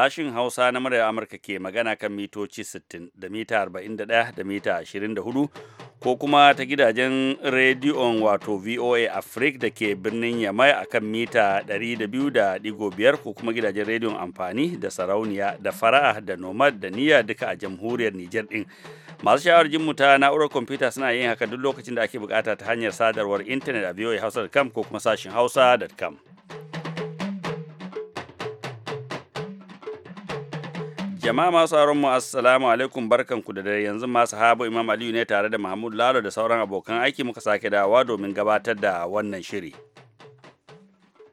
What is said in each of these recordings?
Sashin Hausa na mara Amurka ke magana kan mitoci 60 da mita 41 da mita 24 ko kuma ta gidajen rediyon wato VOA Africa da ke birnin Yamai a kan mita 200.5 ko kuma gidajen rediyon amfani da sarauniya da fara'a da nomad da niyya duka a jamhuriyar Nijar din. Masu sha'awar jinmu ta na'urar kwamfuta suna yin haka duk lokacin da ake bukata ta hanyar sadarwar intanet a voa hausa.com ko kuma sashin hausa.com. jama'a masu sauran mu assalamu alaikum barkan ku da dare yanzu masu sahabo Imam Aliyu ne tare da Mahmud Lalo da sauran abokan aiki muka sake dawowa domin gabatar da wannan shiri.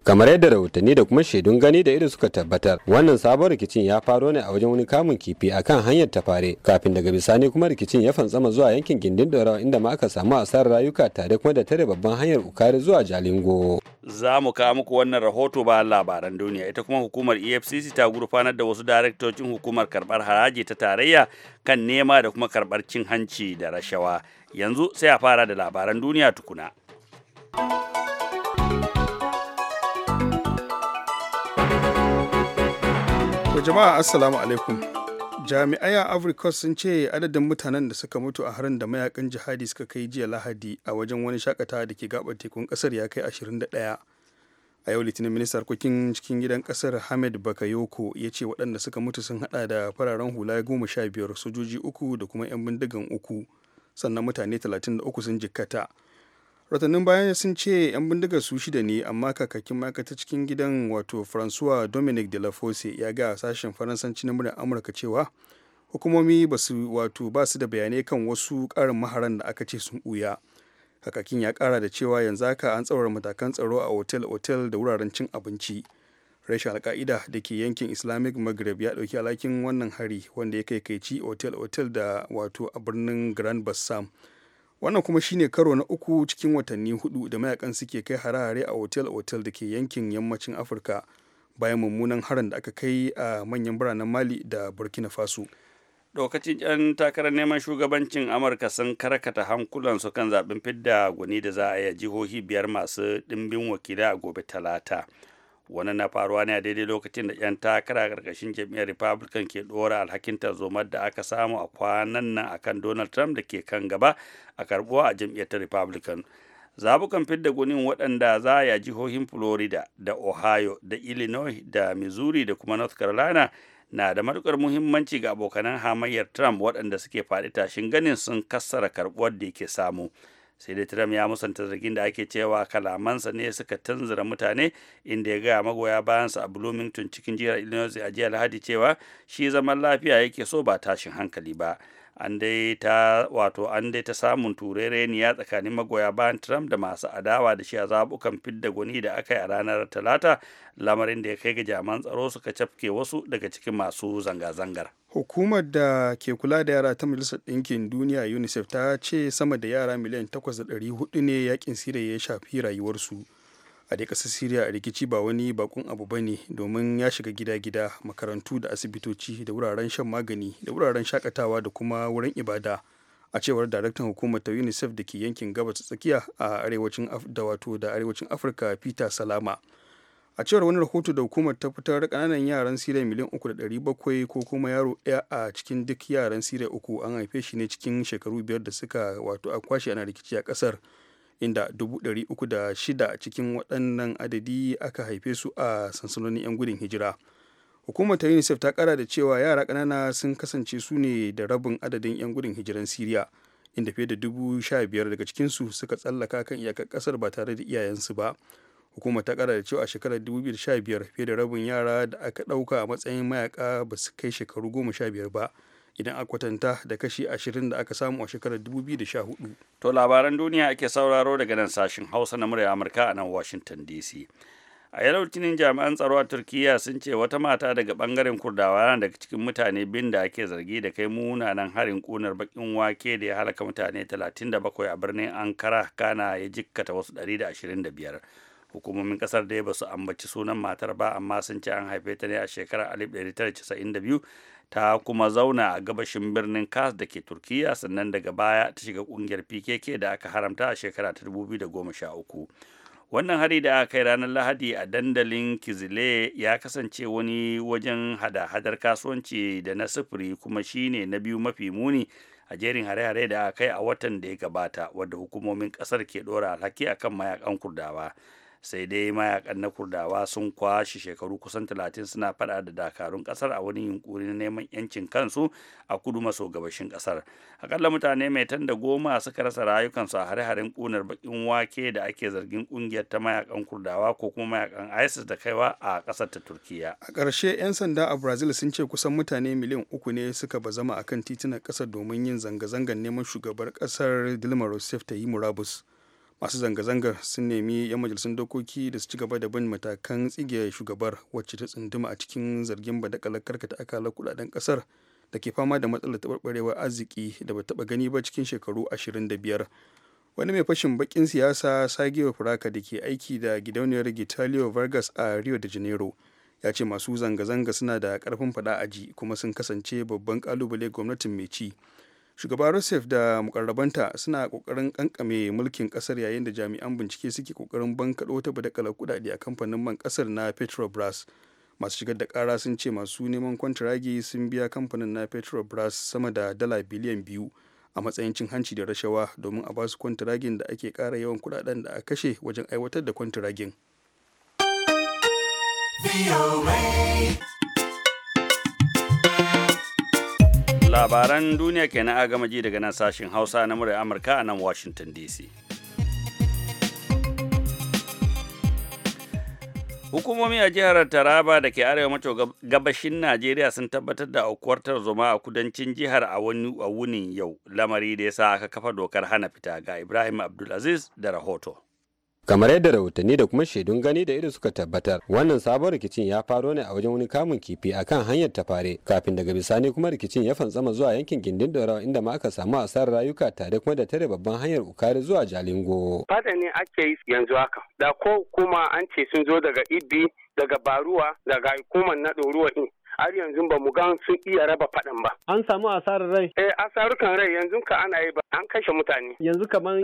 kamar yadda rahotanni da kuma shaidun gani da irin suka tabbatar wannan sabon rikicin ya faro ne a wajen wani kamun kifi a kan hanyar tafare kafin daga bisani kuma rikicin ya fantsama zuwa yankin gindin dorawa inda ma aka samu asarar rayuka tare kuma da tare babban hanyar ukari zuwa jalingo za mu kawo muku wannan rahoto ba labaran duniya ita kuma hukumar efcc ta gurfanar da wasu daraktocin hukumar karbar haraji ta tarayya kan nema da kuma karbar cin hanci da rashawa yanzu sai a fara da labaran duniya tukuna. To jama'a assalamu alaikum. Jami'ai a Africa sun ce adadin mutanen da suka mutu a harin da mayakan jihadi suka kai jiya Lahadi a wajen wani shakatawa da ke gabar tekun kasar ya kai 21. A yau Litinin Ministar kokin cikin gidan kasar Hamed Bakayoko ya ce waɗanda suka mutu sun hada da fararen hula 15 sojoji uku da kuma 'yan bindigan uku sannan mutane 33 sun jikkata. ratannin bayan sun ce 'yan bindiga su shida ne amma kakakin ma'aikata cikin gidan wato francois dominic de la fosse ya ga sashen faransanci na murnar amurka cewa hukumomi ba su wato ba su da bayanai kan wasu karin maharan da aka ce sun ɓuya kakakin ya kara da cewa yanzu haka an tsawar matakan tsaro a otel-otel da wuraren cin abinci rashin alka'ida da ke yankin islamic maghreb ya ɗauki alhakin wannan hari wanda ya kai kaici otel-otel da wato a birnin grand bassam wannan kuma shine karo na uku cikin watanni hudu da mayakan suke kai harare hare a otel-otel da ke yankin yammacin afirka bayan mummunan harin da aka kai a manyan biranen mali da burkina faso lokacin yan takarar neman shugabancin amurka sun karkata hankulansu kan zaben fidda gwani da za a yi jihohi biyar masu dimbin wakila a gobe talata wannan na faruwa ne a daidai lokacin da 'yan takara karkashin jam'iyyar republican ke ɗora alhakin tarzomar da aka samu a kwanan nan akan donald trump da ke kan gaba a karbuwa a jam'iyyar republican zabukan fidda gunin waɗanda za a jihohin florida da ohio da illinois da missouri da kuma north carolina na da matukar muhimmanci ga abokanan hamayyar trump waɗanda suke faɗi tashin ganin sun kassara karɓuwar da yake samu. sai dai Trump ya musanta zargin da ake cewa kalamansa ne suka tanzura mutane inda ya gaya magoya bayansa a Bloomington cikin jihar Illinois a jiya Lahadi cewa shi zaman lafiya yake so ba tashin hankali ba. an dai ta wato an dai ta samun turereniya tsakanin magoya bayan Trump da masu adawa da shi a zabukan fidda gwani da aka yi a ranar Talata lamarin da ya kai ga jaman tsaro suka cafke wasu daga cikin masu zanga-zangar. Hukumar da ke kula da yara ta Majalisar Ɗinkin Duniya UNICEF ta ce sama da yara miliyan 8,400 ne yakin Siriya ya shafi rayuwarsu. a dai ƙasar siriya rikici ba wani bakon abu ba ne domin ya shiga gida-gida makarantu da asibitoci da wuraren shan magani da wuraren shakatawa da kuma wurin ibada a cewar daraktan hukumar ta unicef da ke yankin gabas tsakiya a arewacin da wato da arewacin afirka peter salama a cewar wani rahoto da hukumar ta fitar kananan yaran siriya miliyan uku da ɗari bakwai ko kuma yaro ɗaya a cikin duk yaran siriya uku an haife shi ne cikin shekaru biyar da suka wato a kwashe ana rikici a ƙasar inda 306 cikin waɗannan adadi aka haife su a sansanonin 'yan gudun hijira hukumar ta unicef ta kara da cewa yara ƙanana sun kasance su ne da rabin adadin 'yan gudun hijiran syria inda fiye da 15,000 daga cikinsu suka tsallaka kan iyakar ƙasar ba tare da iyayensu ba hukumar ta kara da cewa a shekarar 2015 fiye da rabin yara da aka ɗauka a matsayin mayaka ba su kai shekaru 15 ba idan a kwatanta da kashi 20 da aka samu a shekarar 2014. To labaran duniya ake sauraro daga nan sashen Hausa na murya Amurka a nan Washington DC. A yau litinin jami'an tsaro a Turkiyya sun ce wata mata daga bangaren Kurdawa na daga cikin mutane bin da ake zargi da kai munanan harin kunar bakin wake da ya halaka mutane 37 a birnin Ankara kana ya jikkata wasu da biyar hukumomin kasar dai ya basu ambaci sunan matar ba amma sun ce an haife ta ne a shekarar 1992 ta kuma zauna a gabashin birnin kas da ke turkiya sannan daga baya ta shiga kungiyar pkk da aka haramta a shekara ta 2013 wannan hari da aka kai ranar lahadi a dandalin kizile ya kasance wani wajen hada-hadar kasuwanci da na sufuri kuma shine na biyu mafi muni a jerin hare-hare da aka kai a watan da ya gabata wadda hukumomin kasar ke dora alhaki akan mayakan kurdawa sai dai mayakan na kurdawa sun kwashe shekaru kusan 30 suna fada da dakarun kasar a wani yunkuri na neman yancin kansu a kudu maso gabashin kasar akalla mutane mai tan da goma suka rasa rayukansu a hare-haren kunar bakin wake da ake zargin kungiyar ta mayakan kurdawa ko kuma mayakan isis da kaiwa a kasar ta turkiya a ƙarshe 'yan sanda a brazil sun ce kusan mutane miliyan uku ne suka bazama akan titunan kasar domin yin zanga-zangar neman shugabar kasar dilma rousseff ta yi murabus masu zanga-zangar sun nemi 'yan majalisun dokoki da su ci gaba da bin matakan tsige shugabar wacce ta tsunduma a cikin zargin badakalar karkata akalar kudaden kasar da ke fama da matsalar taɓarɓarewar arziki da ba taɓa gani ba cikin shekaru 25 wani mai fashin bakin siyasa sagewa furaka da ke aiki da gidauniyar gitalio vargas a rio de janeiro ya ce masu zanga-zanga suna da karfin fada aji kuma sun kasance babban kalubale gwamnatin mai ci shugaba rusef da mukarrabanta suna kokarin kankame mulkin kasar yayin da jami'an bincike suke kokarin bankaɗo ta badakalar kudade a kamfanin man kasar na petrobras masu shigar da kara sun ce masu neman kwantiragi sun biya kamfanin na petrobras sama da dala biliyan biyu a matsayin cin hanci da rashawa domin a basu kwantiragin da ake kara yawan kudaden da a kashe wajen aiwatar da kwantiragin. labaran duniya ke na gama ji daga nan sashen hausa na murar amurka a nan washington dc Hukumomi a jihar Taraba da ke arewa maco gabashin Najeriya sun tabbatar da aukuwar tarzoma a kudancin jihar a wani a wunin yau, lamari da ya sa aka kafa dokar hana fita ga Ibrahim Abdulaziz da rahoto. kamar yadda rahotanni da kuma shaidun gani da ido suka tabbatar wannan sabon rikicin ya faro ne a wajen wani kamun kifi a kan hanyar ta fare kafin daga bisani kuma rikicin ya fantsama zuwa yankin gindin dorawa inda ma aka samu asarar rayuka tare kuma da tare babban hanyar ukari zuwa jalingo fada ne ake yi yanzu haka da ko kuma an ce sun zo daga ibi daga baruwa daga hukumar na ɗoruwa in har yanzu ba mu gan sun iya raba faɗan ba. An samu asarar rai? Eh asarukan rai yanzu ka ana yi ba an kashe mutane. Yanzu kamar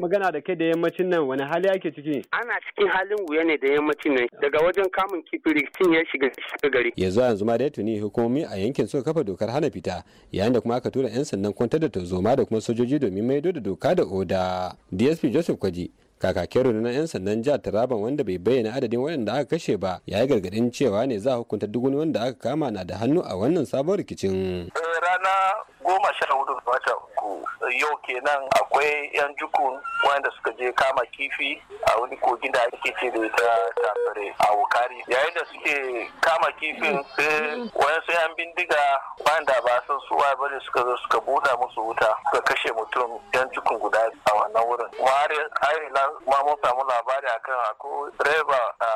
magana da kai da yammacin nan wani hali ake ciki? Ana cikin halin wuya ne da yammacin nan daga wajen kamun kifiri tun ya shiga shiga gari. Yanzu yanzu ma da tuni hukumomi a yankin suka kafa dokar hana fita yayin da kuma aka tura 'yan sannan kwantar da tozoma da kuma sojoji domin maido da doka da oda. DSP Joseph Kwaji kakakin rundunar 'yan sandan jihar taraban wanda bai bayyana adadin waɗanda aka kashe ba ya yi gargaɗin cewa ne za a hukunta duk wani wanda aka kama na da hannu a wannan sabon rikicin eh, rana goma sha hudu wata uku yau kenan akwai yan jukun wanda suka je kama kifi a wani kogin da ake ce da ita tafare a wukari yayin da suke kama kifin sai sai yan bindiga wanda ba san suwa bane suka zo suka buɗa musu wuta suka kashe mutum yan jukun guda a wannan wurin kuma har ma mun samu labari akan ko direba a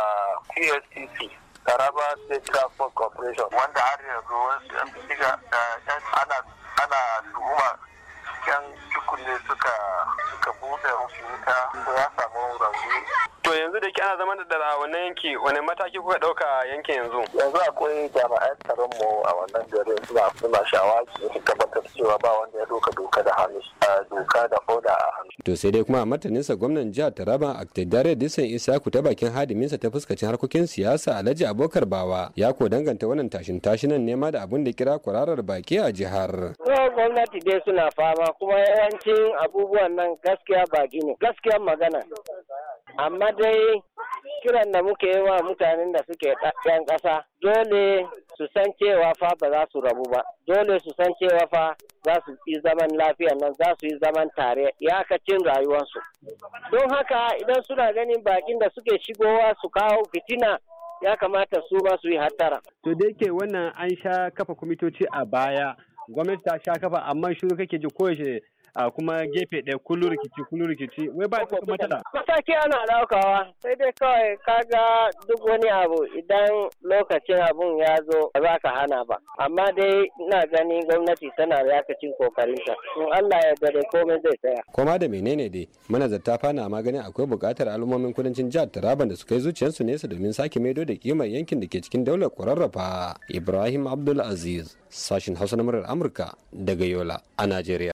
TSTC Taraba State Transport Corporation wanda har yanzu wasu yan bindiga eh, ana 他在读吗？yana zama da dara wannan yanki wani mataki kuka ɗauka yanki yanzu yanzu akwai jami'an tsaron mu a wannan garin suna suna shawaki su tabbatar cewa ba wanda ya doka doka da hannu doka da foda a hannu to sai dai kuma a martaninsa gwamnan jihar taraba aktidare disan isaku ta bakin hadiminsa ta fuskacin harkokin siyasa alhaji abokar bawa ya ko danganta wannan tashin tashinan nema da abin da kira kwararar baki a jihar gwamnati dai suna fama kuma yawancin abubuwan nan gaskiya ba ne gaskiyar magana amma dai kiran da muke yi wa mutanen da suke yan ƙasa dole su san cewa fa ba za su rabu ba dole su san cewa fa za su yi zaman lafiya nan za su yi zaman tare iyakacin rayuwarsu don haka idan suna ganin bakin da suke shigowa su kawo fitina ya kamata su ma su yi hattara. To da yake wannan an sha kafa kwamitoci a baya gwamnati ta sha kafa amma shiru kake ji koyaushe a kuma gefe ɗaya kullu rikici kullu rikici wai ba ta matsala. mataki ana daukawa sai dai kawai kaga duk wani abu idan lokacin abun ya zo ba za ka hana ba amma dai ina gani gwamnati tana da yakacin kokarinta in Allah ya gare komai zai tsaya. koma da menene dai manazarta fana maganin akwai buƙatar al'ummomin kudancin jihar Taraban da su kai zuciyarsu nesa domin sake maido da kimar yankin da ke cikin daular kwararrafa Ibrahim Abdul Aziz sashin Hausa na murar Amurka daga Yola a Najeriya.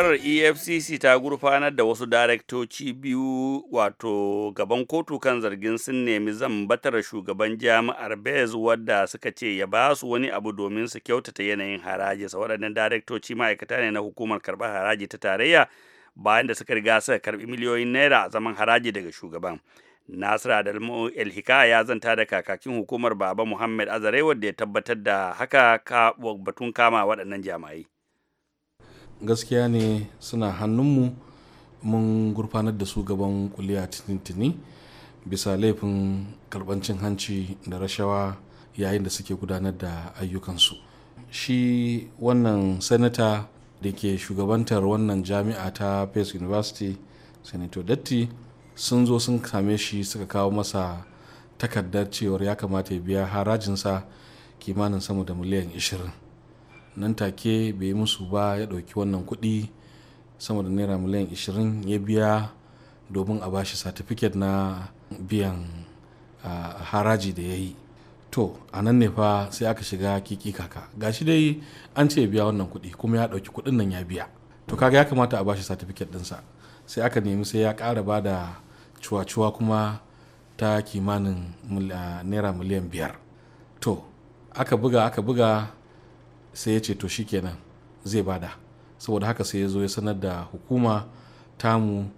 hukumar efcc ta gurfanar da wasu daraktoci biyu wato gaban kotu kan zargin sun nemi zambatar shugaban jami'ar bez wadda suka ce ya ba su wani abu domin su kyautata yanayin haraji sa waɗannan daraktoci ma'aikata ne na hukumar karɓar haraji ta tarayya bayan da suka riga suka karɓi miliyoyin naira a zaman haraji daga shugaban nasir el Elhika ya zanta da kakakin hukumar Baba Muhammad Azare wadda ya tabbatar da haka ka batun kama waɗannan jami'ai. gaskiya ne suna hannunmu mun gurfanar da su gaban kuliya tintini bisa laifin karbancin hanci da rashawa yayin da suke gudanar da ayyukansu shi wannan sanata da ke shugabantar wannan jami'a ta pace university senator datti sun zo sun same shi suka kawo masa takardar cewar ya kamata ya biya harajinsa kimanin sama da miliyan 20 nan take bai yi musu ba ya ɗauki wannan kuɗi sama da naira miliyan 20 ya biya domin a bashi satifiket na biyan haraji da ya yi to a nan ne fa sai aka shiga kiki kaka gashi dai an ce ya biya wannan kuɗi kuma ya ɗauki kuɗin nan ya biya to kaga ya kamata a bashi satifiket ɗinsa sai aka nemi sai ya ƙara ba da cuwa-cuwa kuma ta kimanin naira miliyan biyar to aka buga aka buga sai ya ce to kenan zai bada saboda haka sai ya zo ya sanar da hukuma tamu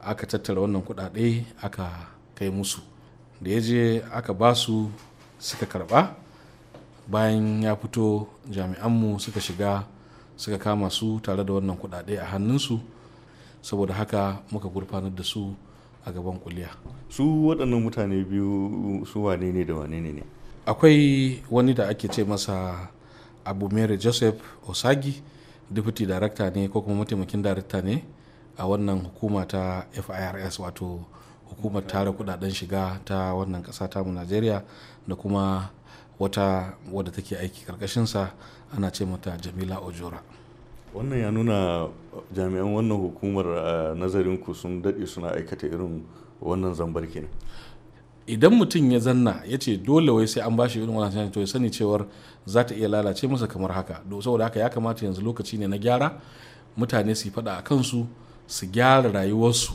aka tattara wannan kudade aka kai musu da ya je aka ba su suka karba bayan ya fito jami'anmu suka shiga suka kama su tare da wannan kudade a hannunsu saboda haka muka gurfanar da su a gaban kuliya su waɗannan mutane biyu su wane ne da wane ne akwai wani da ake ce masa abu abumere joseph osagi deputy director ne ko kuma mataimakin director ne a wannan hukuma ta firs wato hukumar tara kudaden shiga ta wannan kasa tamu nigeria da kuma wata wadda take aiki karkashinsa ana ce mata jamila ojora wannan ya nuna uh, jami'an wannan hukumar uh, nazarinku sun daɗe suna aikata irin wannan zambar kenan idan mutum ya zanna ya ce dole wai sai an ba shi irin wannan canji to ya sani cewar za ta iya lalace masa kamar haka saboda haka ya kamata yanzu lokaci ne na gyara mutane su faɗa a kansu su gyara rayuwarsu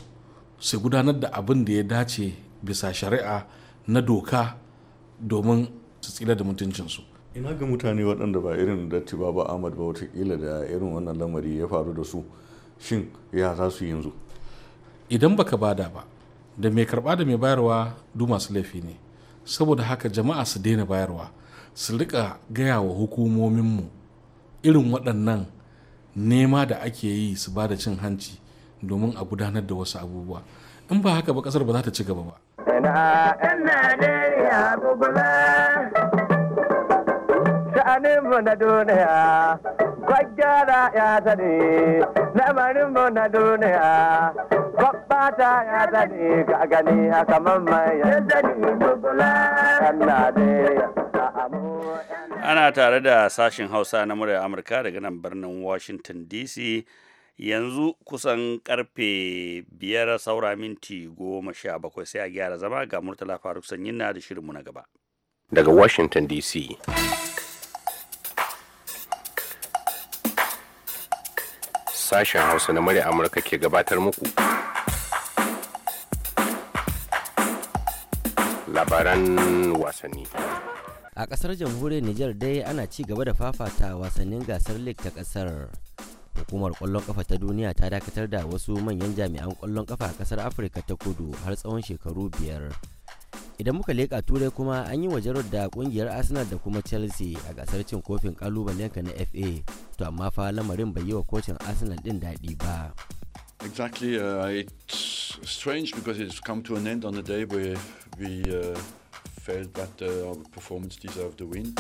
su gudanar da abin da ya dace bisa shari'a na doka domin su tsira da mutuncinsu ina ga mutane waɗanda ba irin datti ba ba ahmad ba watakila da irin wannan lamari ya faru da su shin ya za su yanzu idan baka bada ba da mai karba da mai bayarwa du masu laifi ne saboda haka jama'a su daina bayarwa su rika gaya wa hukumominmu irin waɗannan nema da ake yi su ba da cin hanci domin a gudanar da wasu abubuwa in ba haka ba ƙasar ba za ta ci gaba ba sha'anin Kwaggara ya sani, lamarin mu na duniya, babbata ya sani, ka gani haka mamman ya sani, bubula, ne. Ana tare da sashen Hausa na murya Amurka daga nan birnin Washington DC yanzu kusan karfe biyar saura minti goma sha bakwai sai a gyara zama ga Murtala Faruk Sanyin na da shirinmu na gaba. Daga Washington DC. sashen hausa na murya amurka ke gabatar muku labaran wasanni a kasar jamhuriyar niger dai ana ci gaba da fafata wasannin gasar Lig ta kasar hukumar kwallon kafa ta duniya ta dakatar da wasu manyan jami'an kwallon kafa a kasar afirka ta kudu har tsawon shekaru biyar idan muka leƙa turai kuma an yi wajen da kungiyar arsenal da kuma chelsea a gasar cin kofin kalubalenka na fa to amma fa lamarin bai yi wa kocin arsenal din daɗi ba exactly uh, it's strange because it's come to an end on the day where we uh, felt that uh, our performance deserved the win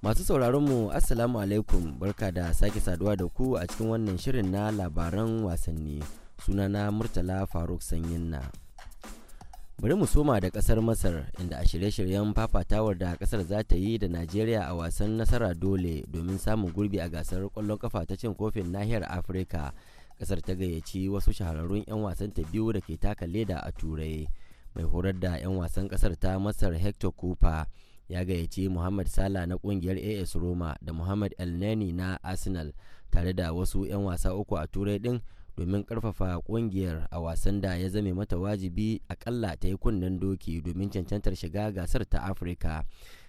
Masu sauraronmu Assalamu alaikum barka da sake saduwa da ku a cikin wannan shirin na labaran wasanni sunana murtala faruk sanyin na bari mu soma da kasar masar inda a shirye-shiryen fafatawar da kasar za ta yi da najeriya a wasan nasara dole domin samun gurbi a gasar kwallon kafa ta cin kofin nahiyar afirka kasar ta gayyaci wasu shahararrun 'yan wasan ta biyu da ke taka leda a turai mai horar da 'yan wasan kasar ta masar hector cooper ya gayyaci Muhammad sala na kungiyar AS Roma da Muhammad Elneny na Arsenal tare da wasu 'yan wasa uku a turai din domin karfafa kungiyar a wasan da ya zame mata wajibi akalla ta yi kunnen doki domin cancantar shiga gasar ta afirka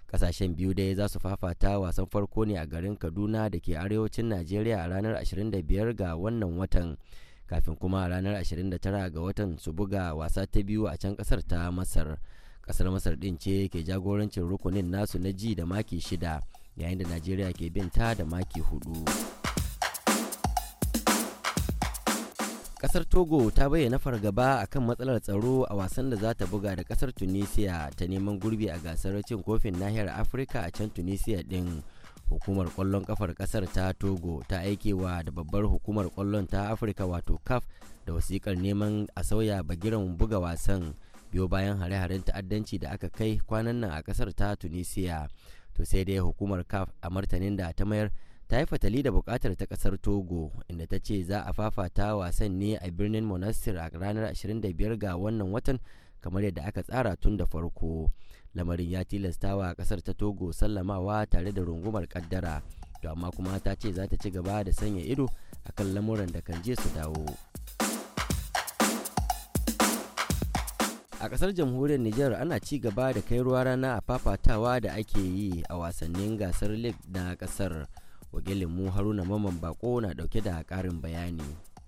kasashen biyu dai za su fafata wasan farko ne a garin kaduna da ke arewacin najeriya a ranar 25 ga wannan watan kafin kuma a ranar 29 ga watan su buga wasa ta biyu a can kasar ta masar kasar masar din ce ke jagorancin rukunin nasu na ji da maki shida yayin da najeriya ke bin ta da maki hudu. kasar togo ta bayyana fargaba a kan matsalar tsaro a wasan da za ta buga da kasar tunisia ta neman gurbi a gasar cin kofin nahiyar afirka a can tunisia din hukumar kwallon kafar kasar ta togo ta aikewa da babbar hukumar kwallon ta afirka wato caf da wasikar neman a sauya bagiran buga wasan biyo bayan hare-haren ta'addanci da aka kai kwanan nan a kasar ta tunisia to sai dai hukumar caf a martanin da ta mayar ta yi fatali da bukatar ta kasar togo inda ta ce za a fafata wasan ne a birnin monastir a ranar 25 ga wannan watan kamar yadda aka tsara tun da farko lamarin ya tilastawa kasar ta togo sallamawa tare da rungumar kaddara to amma kuma ta ce za ta ci gaba da sanya ido akan lamuran da kan je su dawo a kasar jamhuriyar niger ana ci gaba da kai ruwa rana a fafatawa da ake yi a wasannin gasar league na kasar wakilin mu haruna maman bako na dauke da karin bayani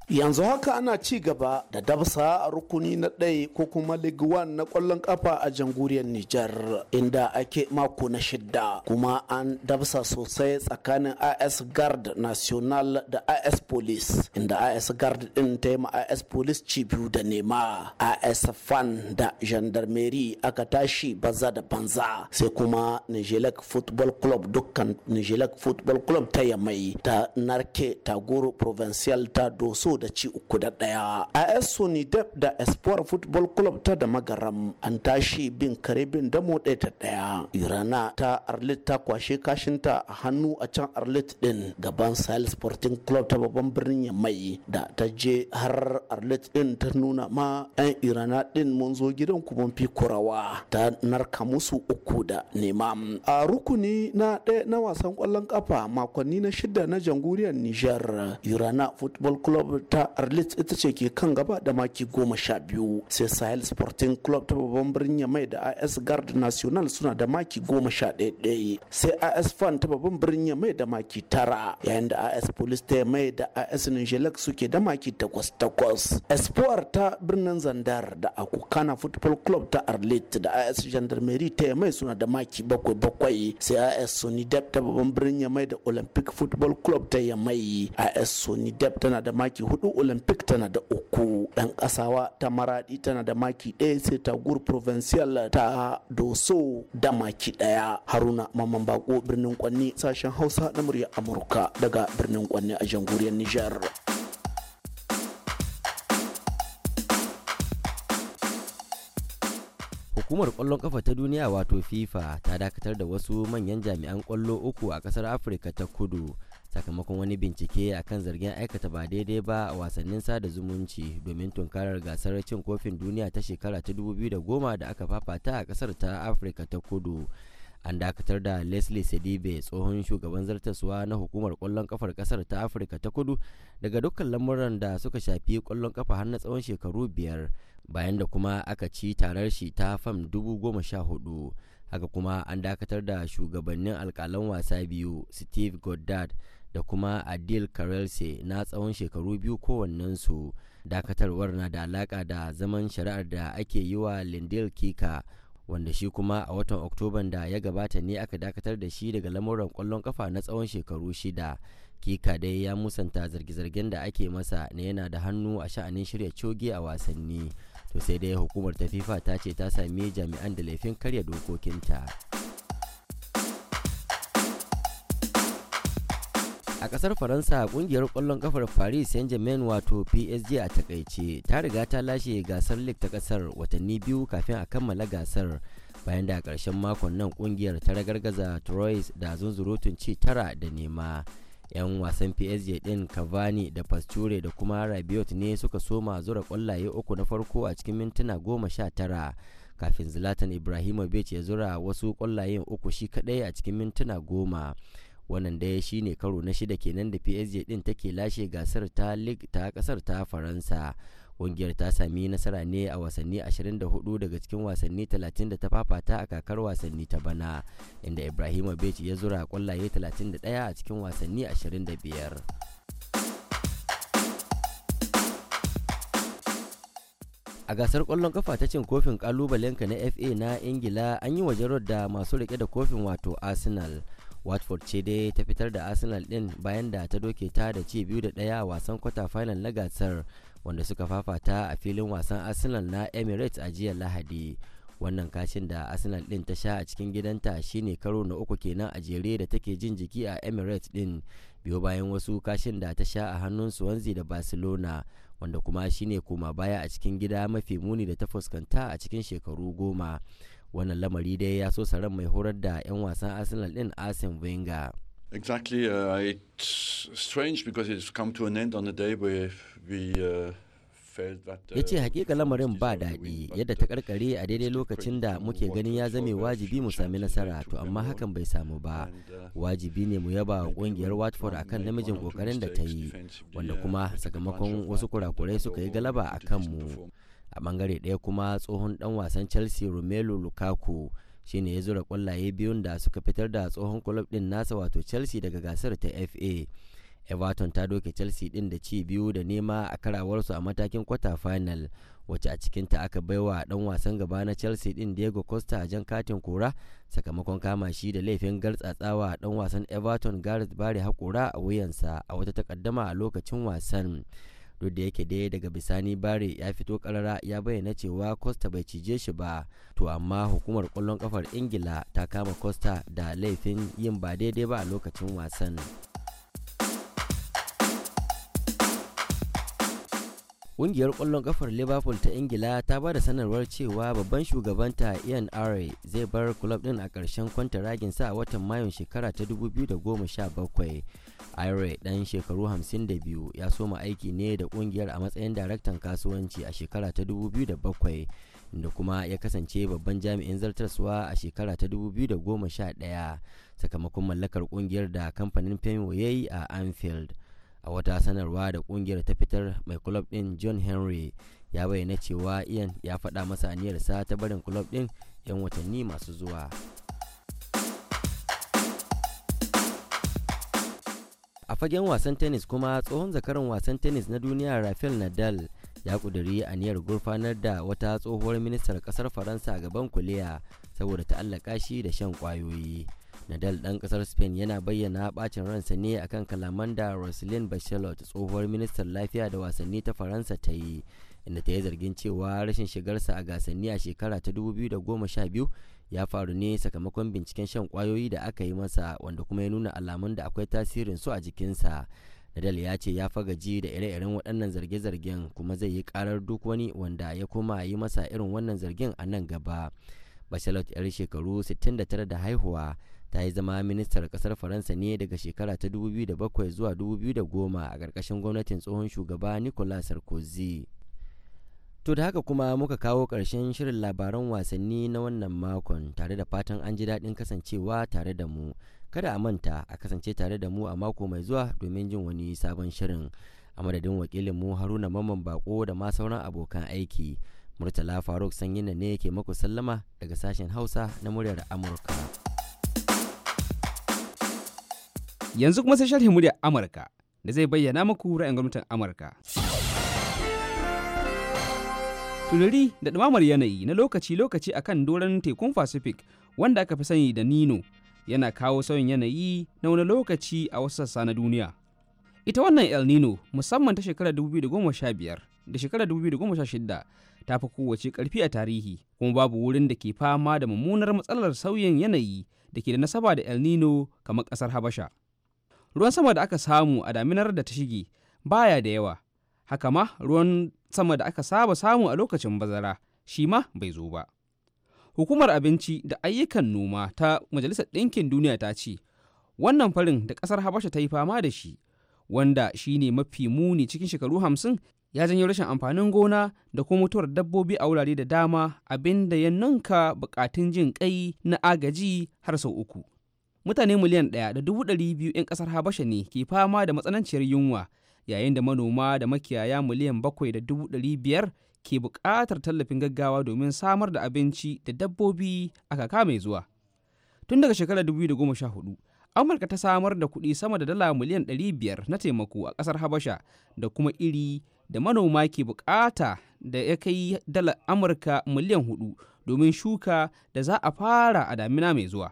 yanzu haka ana ci gaba da dabsa a rukuni na ɗaya ko kuma league na ƙwallon ƙafa a jamhuriyar nijar inda ake mako na shidda kuma an dabsa sosai tsakanin is guard national da S police inda IS guard ɗin ta yi ma police ci biyu da nema S fan da gendarmerie aka tashi banza da banza sai kuma nijelek football club dukkan nijelek football club ta yamai ta narke tagoro provincial ta doso da ci uku da ɗaya. Esoni Sonidep da Espoir Football Club ta da Magaram an tashi bin kare bin damo ɗaya ta ɗaya. Irana ta Arlit ta kwashe kashinta a hannu a can Arlit ɗin gaban Sahel Sporting Club ta babban birnin Yamai da ta je har Arlit ɗin ta nuna ma 'yan Irana ɗin mun zo gidan ku mun fi kurawa ta narka musu uku da nema. A rukuni na ɗaya na wasan ƙwallon ƙafa makonni na shida na jamhuriyar Nijar Irana Football Club ta arlit ita ce ke kan gaba da maki goma sha biyu sai sahel sporting club ta babban birnin yamai da is guard national suna da maki goma sha ɗaya sai is fan ta babban birnin yamai da maki tara yayin da is police ta yamai da is ninjelek suke da maki takwas takwas espoir ta birnin zandar da akukana football club ta arlit da is gendarmerie ta yamai suna da maki bakwai bakwai sai is sonidep ta babban birnin yamai da olympic football club ta yamai is sonidep tana da maki hudu olympic tana da uku dan kasawa ta maradi tana da maki ɗaya sai ta gur provincial ta doso da maki ɗaya haruna mamman bako birnin kwanni sashen hausa na murya amurka daga birnin kwanni a jamhuriyar niger. hukumar kwallon kafa ta duniya wato fifa ta dakatar da wasu manyan jami'an kwallo uku a kasar afirka ta kudu sakamakon wani bincike a kan zargin aikata ba daidai ba a wasannin sada zumunci domin tunkarar gasar cin kofin duniya ta shekara ta 2010 da aka fafata a kasar ta afirka ta kudu an dakatar da leslie sedibe tsohon shugaban zartaswa na hukumar kwallon kafar kasar ta afirka ta kudu daga dukkan lamuran da suka shafi kwallon kafa har na tsawon shekaru biyar bayan da kuma aka ci tarar shi ta fam hudu haka kuma an dakatar da shugabannin alkalan wasa biyu steve goddard da kuma adil karelse na tsawon shekaru biyu kowannensu dakatarwar na da alaka da zaman shari'ar da ake yi wa lindil kika wanda shi kuma a watan oktoban da ya gabata ne aka dakatar da shi daga lamuran kwallon kafa na tsawon shekaru shida kika dai ya musanta zarge-zargen da ake masa na yana da hannu a sha'anin shirya coge a wasanni to sai dai hukumar ta fifa ta ce ta sami jami'an da laifin karya dokokinta. a kasar faransa kungiyar kwallon kafar paris saint germain wato psg a takaice ta riga ta lashe gasar league ta kasar watanni biyu kafin a kammala gasar bayan da a karshen makon nan kungiyar ta ragargaza troyes da zunzurutun ci tara da nema 'yan wasan psg din cavani da pasture da kuma rabiot ne suka soma zura kwallaye uku na farko a cikin mintuna goma sha tara kafin zlatan ibrahimovic ya zura wasu kwallayen uku shi kadai a cikin mintuna goma wannan daya shine karo na shida kenan da psg din take lashe gasar ta league ta kasar ta faransa ƙungiyar ta sami nasara ne a wasanni 24 daga cikin wasanni 30 da ta fafata a kakar wasanni ta bana inda ibrahima bech ya zura kwallaye 31 a cikin wasanni 25 a gasar kwallon kafa ta cin kofin kalubalenka na fa na ingila an yi wajen da masu rike da kofin wato arsenal watford ce dai ta fitar da arsenal din bayan da ta doke ta da ci biyu da ɗaya wasan kwata final na gasar wanda suka fafata a filin wasan arsenal na emirates a jiya lahadi wannan kashin da arsenal din ta sha a cikin gidanta shine karo na uku kenan a jere da take jin jiki a emirates din biyo bayan wasu kashin da ta sha a hannun swansea da barcelona wanda kuma shine koma baya a cikin gida mafi muni da ta fuskanta a cikin shekaru goma wannan lamari dai ya so saran mai horar da 'yan wasan arsenal din arsene wenger exactly uh, it's strange because it's come to an end on the day where we uh, uh ya ce hakika lamarin ba daɗi yadda ta karkare a daidai lokacin da muke ganin ya zame wajibi mu sami nasara to amma hakan bai samu ba uh, wajibi ne mu yaba ƙungiyar watford akan namijin kokarin da ta yi wanda uh, kuma sakamakon wasu kurakurai suka yi galaba a mu. a bangare ɗaya kuma tsohon dan wasan chelsea romelu lukaku shine ya zura kwallaye biyun da suka fitar da tsohon kulob din nasa wato chelsea daga gasar ta fa everton ta doke chelsea din da ci biyu da nema a karawarsu a matakin kwata final wacce a cikinta aka baiwa dan wasan gaba na chelsea din diego costa a jan katin kora sakamakon kama shi da laifin gartsatsawa dan wasan everton gareth bari hakora a wuyansa a wata takaddama a lokacin wasan duk da yake dai daga bisani bare ya fito karara ya bayyana cewa costa bai cije shi ba to amma hukumar kwallon kafar ingila ta kama costa da laifin yin ba daidai ba a lokacin wasan Ƙungiyar ƙwallon ƙafar Liverpool ta Ingila ta ba da sanarwar cewa babban shugabanta Ian Are zai bar kulob ɗin a ƙarshen ragin sa a watan Mayun shekara ta 2017. Ira dan shekaru 52 ya soma aiki ne da kungiyar a matsayin daraktan kasuwanci a shekara ta 2007 da kuma ya kasance babban jami'in zartaswa a shekara ta 2011 sakamakon mallakar kungiyar da kamfanin Fenway ya yi a Anfield. A wata sanarwa da kungiyar ta fitar mai club din John Henry ya bayyana cewa Ian ya faɗa masa aniyarsa ta barin club din 'yan watanni masu zuwa. a fagen wasan tennis kuma tsohon zakaran wasan tennis na duniya rafael nadal ya kuduri aniyar gurfanar da wata tsohuwar ministar kasar faransa a gaban kuliya saboda ta'allaka shi da shan kwayoyi nadal dan kasar spain yana bayyana bacin ransa ne akan kalaman da roselyn bachelot tsohuwar ministar lafiya da wasanni ta faransa ta yi inda ta yi zargin cewa rashin shigarsa a gasanni a shekara ta 2012 ya faru ne sakamakon binciken shan kwayoyi da aka yi masa wanda kuma ya nuna alamun da akwai tasirin su a jikinsa nadal ya ce ya fagaji da ire-iren waɗannan zarge-zargen kuma zai yi karar duk wani wanda ya koma yi masa irin wannan zargin a nan gaba bachelot yar shekaru 69 da haihuwa ta yi zama ministar ƙasar faransa ne daga shekara ta 2007 zuwa 2010 a ƙarƙashin gwamnatin tsohon shugaba nicolas sarkozy To da haka kuma muka kawo ƙarshen shirin labaran wasanni na wannan makon tare da fatan an ji daɗin kasancewa tare da mu. Kada a manta a kasance tare da mu a mako mai zuwa domin jin wani sabon shirin. A madadin wakilin mu Haruna Mamman Bako da ma sauran abokan aiki. Murtala Faruk Sanyina ne ke maku sallama daga sashen Hausa na muryar Amurka. Yanzu kuma sai sharhin muryar Amurka da zai bayyana muku ra'ayin gwamnatin Amurka. tunari da ɗumamar yanayi na lokaci-lokaci a kan doron tekun pacific wanda aka fi sani da nino yana kawo sauyin yanayi na wani lokaci a wasu sassa na duniya ita wannan el nino musamman ta shekarar 2015 da shekarar 2016 ta fi kowace karfi a tarihi kuma babu wurin da ke fama da mummunar matsalar sauyin yanayi da ke da nasaba da el nino kamar ƙasar habasha ruwan sama da aka samu a daminar da ta shige baya da yawa haka ma ruwan sama da aka saba samu a lokacin bazara shi ma bai zo ba. Hukumar Abinci da Ayyukan Noma ta Majalisar Ɗinkin Duniya ta ce, wannan farin da ƙasar Habasha ta yi fama da shi, wanda shi ne mafi muni cikin shekaru hamsin ya janyo rashin amfanin gona da kuma mutuwar dabbobi a wurare da dama abinda da ya ninka bukatun jin kai na agaji har sau uku. Mutane miliyan ɗaya da dubu ɗari biyu 'yan ƙasar Habasha ne ke fama da matsananciyar yunwa yayin da manoma da makiyaya miliyan bakwai da dubu ɗari biyar ke buƙatar tallafin gaggawa domin samar da abinci da dabbobi a kaka mai zuwa. Tun daga shekarar 2014, Amurka ta samar da kuɗi sama da dala miliyan 500 na taimako a ƙasar Habasha da kuma iri da manoma ke buƙata da ya kai dala Amurka miliyan hudu domin shuka da za a fara a damina mai zuwa.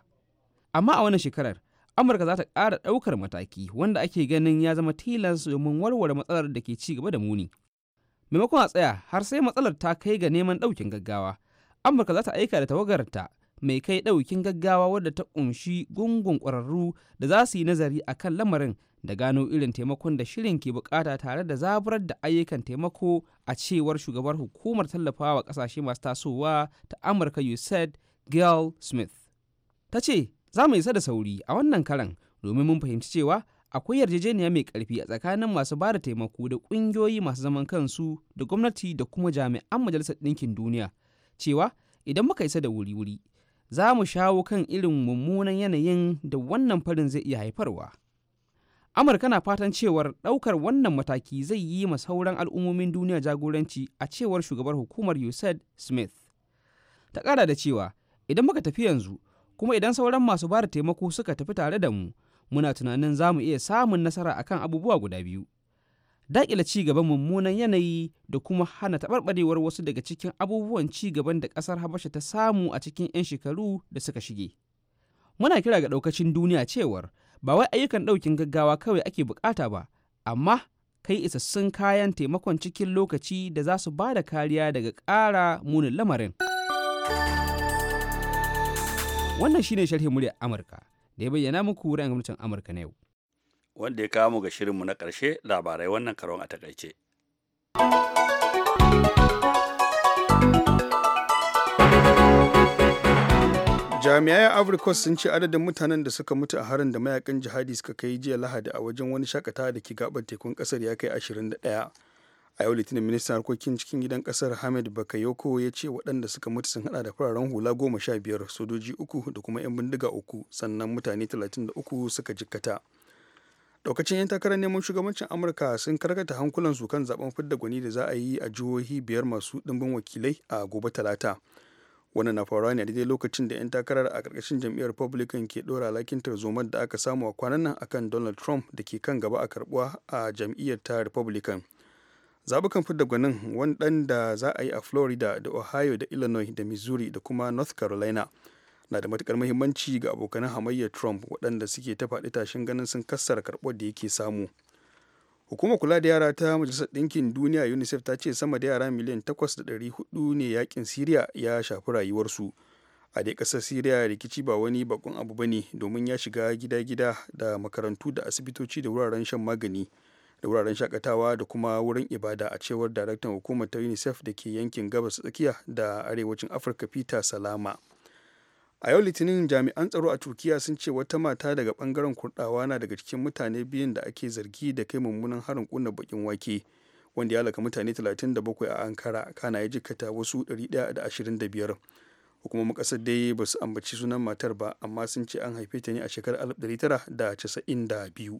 Amma a wannan shekarar, amurka za ta ƙara ɗaukar mataki wanda ake ganin ya zama tilas domin warware matsalar da ke ci gaba da muni maimakon a tsaya har sai matsalar ta kai ga neman ɗaukin gaggawa amurka za ta aika da tawagarta mai kai ɗaukin gaggawa wadda ta ƙunshi gungun ƙwararru da za su yi nazari a kan lamarin da gano irin taimakon da shirin ke bukata tare da zaburar da ayyukan taimako a cewar shugabar hukumar tallafawa ƙasashe masu tasowa ta amurka usaid gail smith ta ce za mu isa da sauri a wannan karan domin mun fahimci cewa akwai yarjejeniya mai karfi a tsakanin masu ba da taimako da ƙungiyoyi masu zaman kansu da gwamnati da kuma jami'an majalisar ɗinkin duniya cewa idan muka isa da wuri-wuri za mu shawo kan irin mummunan yanayin da wannan farin zai iya haifarwa. Amurka na fatan cewar ɗaukar wannan mataki zai yi ma sauran al'ummomin duniya jagoranci a cewar shugabar hukumar USAID Smith. Ta ƙara da cewa idan muka tafi yanzu kuma idan sauran masu ba da taimako suka tafi tare da mu muna tunanin za mu iya samun nasara akan abubuwa guda biyu daƙila ci gaban mummunan yanayi da kuma hana taɓarɓarewar wasu daga cikin abubuwan ci gaban da ƙasar habasha ta samu a cikin 'yan shekaru da suka shige muna kira ga ɗaukacin duniya cewar ba wai ayyukan ɗaukin gaggawa kawai ake buƙata ba amma kai isassun kayan taimakon cikin lokaci da za su ba da kariya daga ƙara munin lamarin. Wannan shine sharhin muryar Amurka da ya bayyana muku ra'ayin gwamnatin Amurka na yau. Wanda ya kawo mu ga shirinmu na karshe labarai wannan karon a takaice. jami'ai afirka sun ce adadin mutanen da suka mutu a harin da mayakan jihadi suka kai jiya lahadi a wajen wani shakatawa da ke gabar tekun kasar ya kai 21 a yau litinin ministan harkokin cikin gidan kasar hamid bakayoko ya ce waɗanda suka mutu sun hada da fararen hula goma sha biyar sojoji uku da kuma 'yan bindiga uku sannan mutane talatin da uku suka jikkata daukacin 'yan takarar neman shugabancin amurka sun karkata hankulansu kan zaben fidda gwani da za a yi a jihohi biyar masu ɗimbin wakilai a gobe talata wannan na faruwa ne daidai lokacin da 'yan takarar a ƙarƙashin jam'iyyar republican ke ɗora alakin tarzomar da aka samu a kwanan nan akan donald trump da ke kan gaba a karbuwa a jam'iyyar ta republican zabukan fidda gwanin wani za a yi a florida da ohio da illinois da missouri da kuma north carolina na da matukar muhimmanci ga abokanin hamayyar trump waɗanda suke ta faɗi tashin ganin sun kassar karɓar da yake samu hukumar kula da yara ta majalisar ɗinkin duniya unicef ta ce sama da yara miliyan hudu ne yakin siriya ya shafi rayuwarsu a dai ƙasar siriya rikici ba wani bakon abu bane domin ya shiga gida-gida da makarantu da asibitoci da wuraren shan magani da wuraren shakatawa da kuma wurin ibada a cewar daraktan hukumar ta unicef da ke yankin gabas tsakiya da arewacin afirka peter salama a yau litinin jami'an tsaro a turkiya sun ce wata mata daga bangaren kurdawa na daga cikin mutane biyun da ake zargi da kai mummunan harin kunna bakin wake wanda ya laka mutane 37 a ankara kana ya jikata wasu 125 hukumomin kasar dai ba su ambaci sunan matar ba amma sun ce an haife ta ne a shekarar 1992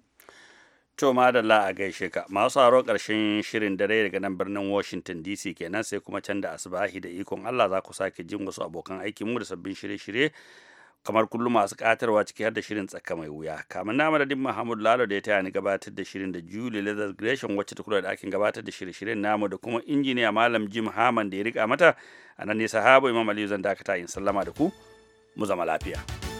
To madalla a gaishe ka masu haro ƙarshen shirin dare daga nan birnin Washington DC kenan sai kuma can da asibahi da ikon Allah za ku sake jin wasu abokan aikin mu da sabbin shirye-shirye kamar kullum masu katarwa ciki har da shirin tsaka mai wuya kamar na madadin Muhammad Lalo da ya taya ni gabatar da shirin da Julie Leather Gresham wacce ta kula da ɗakin gabatar da shirye-shiryen namu da kuma injiniya Malam Jim Haman da ya rika mata a nan ne sahabo Imam Aliyu zan dakata in sallama da ku mu zama lafiya.